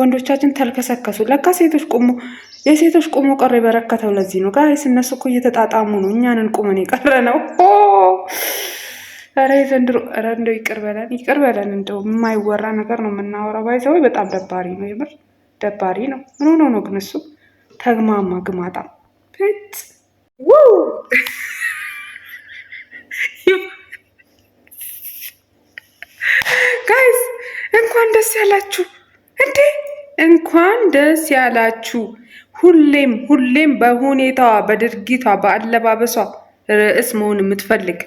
ወንዶቻችን ተልከሰከሱ። ለካ ሴቶች ቁሙ የሴቶች ቁሙ ቀር የበረከተው ለዚህ ነው። ጋይስ እነሱ እኮ እየተጣጣሙ ነው፣ እኛንን ቁመን የቀረ ነው። ረ ዘንድሮ ረ እንደው ይቅር በለን ይቅር በለን። እንደው የማይወራ ነገር ነው የምናወራው። ባይዘው በጣም ደባሪ ነው፣ የምር ደባሪ ነው። ምን ሆኖ ነው ግን እሱ ተግማማ ግማጣ ፕት ጋይስ እንኳን ደስ ያላችሁ እንዴ! እንኳን ደስ ያላችሁ። ሁሌም ሁሌም በሁኔታዋ፣ በድርጊቷ፣ በአለባበሷ ርዕስ መሆን የምትፈልግ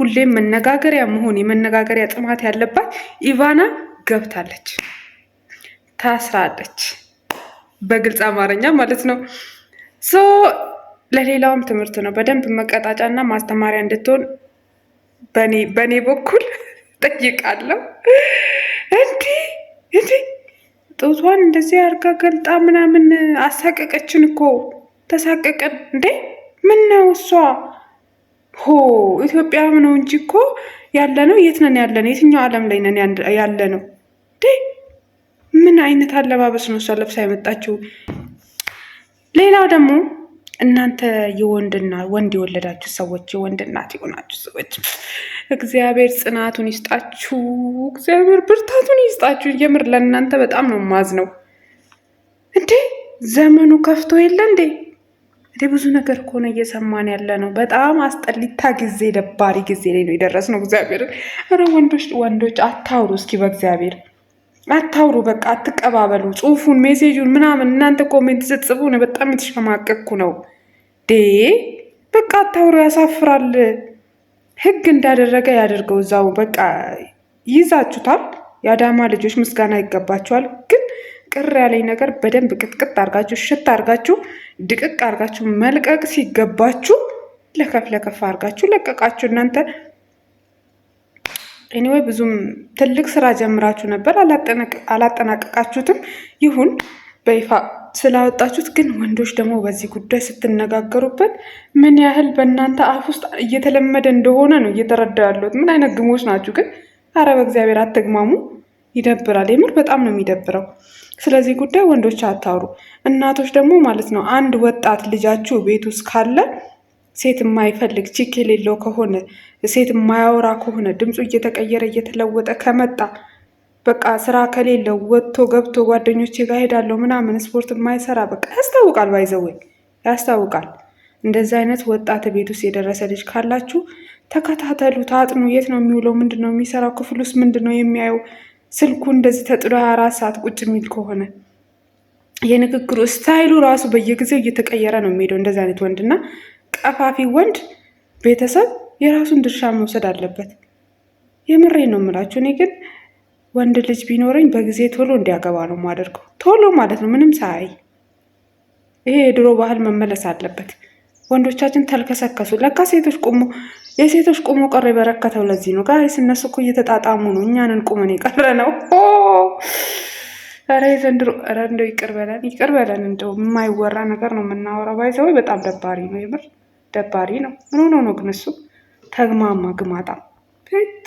ሁሌም መነጋገሪያ መሆን የመነጋገሪያ ጥማት ያለባት ኢቫና ገብታለች፣ ታስራለች። በግልጽ አማርኛ ማለት ነው። ሶ ለሌላውም ትምህርት ነው። በደንብ መቀጣጫ እና ማስተማሪያ እንድትሆን በእኔ በእኔ በኩል ጠይቃለሁ። ጡቷን እንደዚህ አርጋ ገልጣ ምናምን አሳቀቀችን እኮ ተሳቀቀን እንዴ ምን ነው እሷ ሆ ኢትዮጵያ ነው እንጂ እኮ ያለ ነው የት ነን ያለ ነው የትኛው ዓለም ላይ ነን ያለ ነው እንዴ ምን አይነት አለባበስ ነው እሷ ለብሳ የመጣችው ሌላው ደግሞ እናንተ የወንድና ወንድ የወለዳችሁ ሰዎች የወንድ እናት የሆናችሁ ሰዎች እግዚአብሔር ጽናቱን ይስጣችሁ፣ እግዚአብሔር ብርታቱን ይስጣችሁ። የምር ለእናንተ በጣም ነው ማዝ ነው እንዴ ዘመኑ ከፍቶ የለ እንዴ እንዴ ብዙ ነገር ከሆነ እየሰማን ያለ ነው። በጣም አስጠሊታ ጊዜ፣ ደባሪ ጊዜ ላይ ነው የደረስነው። እግዚአብሔርን ኧረ ወንዶች ወንዶች አታውሩ እስኪ በእግዚአብሔር አታውሩ በቃ አትቀባበሉ። ጽሁፉን ሜሴጁን ምናምን እናንተ ኮሜንት ስትጽፉ ነው በጣም የተሸማቀቅኩ ነው። ዴ በቃ አታውሩ፣ ያሳፍራል። ህግ እንዳደረገ ያደርገው እዛው በቃ ይዛችሁታል። የአዳማ ልጆች ምስጋና ይገባችኋል። ግን ቅር ያለኝ ነገር በደንብ ቅጥቅጥ አርጋችሁ ሽት አርጋችሁ ድቅቅ አርጋችሁ መልቀቅ ሲገባችሁ ለከፍ ለከፍ አርጋችሁ ለቀቃችሁ እናንተ እኔወይ ብዙም ትልቅ ስራ ጀምራችሁ ነበር አላጠናቀቃችሁትም። ይሁን በይፋ ስላወጣችሁት ግን ወንዶች ደግሞ በዚህ ጉዳይ ስትነጋገሩበት ምን ያህል በእናንተ አፍ ውስጥ እየተለመደ እንደሆነ ነው እየተረዳ ያለሁት። ምን አይነት ግሞች ናችሁ ግን? አረ በእግዚአብሔር አትግማሙ። ይደብራል፣ የምር በጣም ነው የሚደብረው። ስለዚህ ጉዳይ ወንዶች አታውሩ። እናቶች ደግሞ ማለት ነው አንድ ወጣት ልጃችሁ ቤት ውስጥ ካለ ሴት የማይፈልግ ቺክ የሌለው ከሆነ ሴት የማያወራ ከሆነ ድምፁ እየተቀየረ እየተለወጠ ከመጣ በቃ ስራ ከሌለው ወጥቶ ገብቶ ጓደኞች ጋር ምናምን ስፖርት የማይሰራ በቃ ያስታውቃል፣ ባይዘወይ ያስታውቃል። እንደዚህ አይነት ወጣት ቤት ውስጥ የደረሰ ልጅ ካላችሁ ተከታተሉ፣ ታጥኑ። የት ነው የሚውለው? ምንድን ነው የሚሰራው? ክፍል ውስጥ ምንድን ነው የሚያየው? ስልኩ እንደዚህ ተጥሎ ሀያ አራት ሰዓት ቁጭ የሚል ከሆነ የንግግሩ ስታይሉ ራሱ በየጊዜው እየተቀየረ ነው የሚሄደው እንደዚህ አይነት ወንድና ቀፋፊ ወንድ ቤተሰብ የራሱን ድርሻ መውሰድ አለበት። የምሬ ነው የምላችሁ። እኔ ግን ወንድ ልጅ ቢኖረኝ በጊዜ ቶሎ እንዲያገባ ነው የማደርገው። ቶሎ ማለት ነው ምንም ሳያይ። ይሄ የድሮ ባህል መመለስ አለበት። ወንዶቻችን ተልከሰከሱ። ለካ ሴቶች ቁሞ የሴቶች ቁሞ ቀር የበረከተው ለዚህ ነው። ጋይስ እነሱ እኮ እየተጣጣሙ ነው፣ እኛንን ቁመን የቀረ ነው። ኧረ ዘንድሮ ኧረ እንደው ይቅር በለን፣ ይቅር በለን። እንደው የማይወራ ነገር ነው የምናወራው። ባይዘወይ በጣም ደባሪ ነው የምር። ደባሪ ነው። ምን ሆኖ ነው ግን እሱ ተግማማ ግማጣ ፍጥ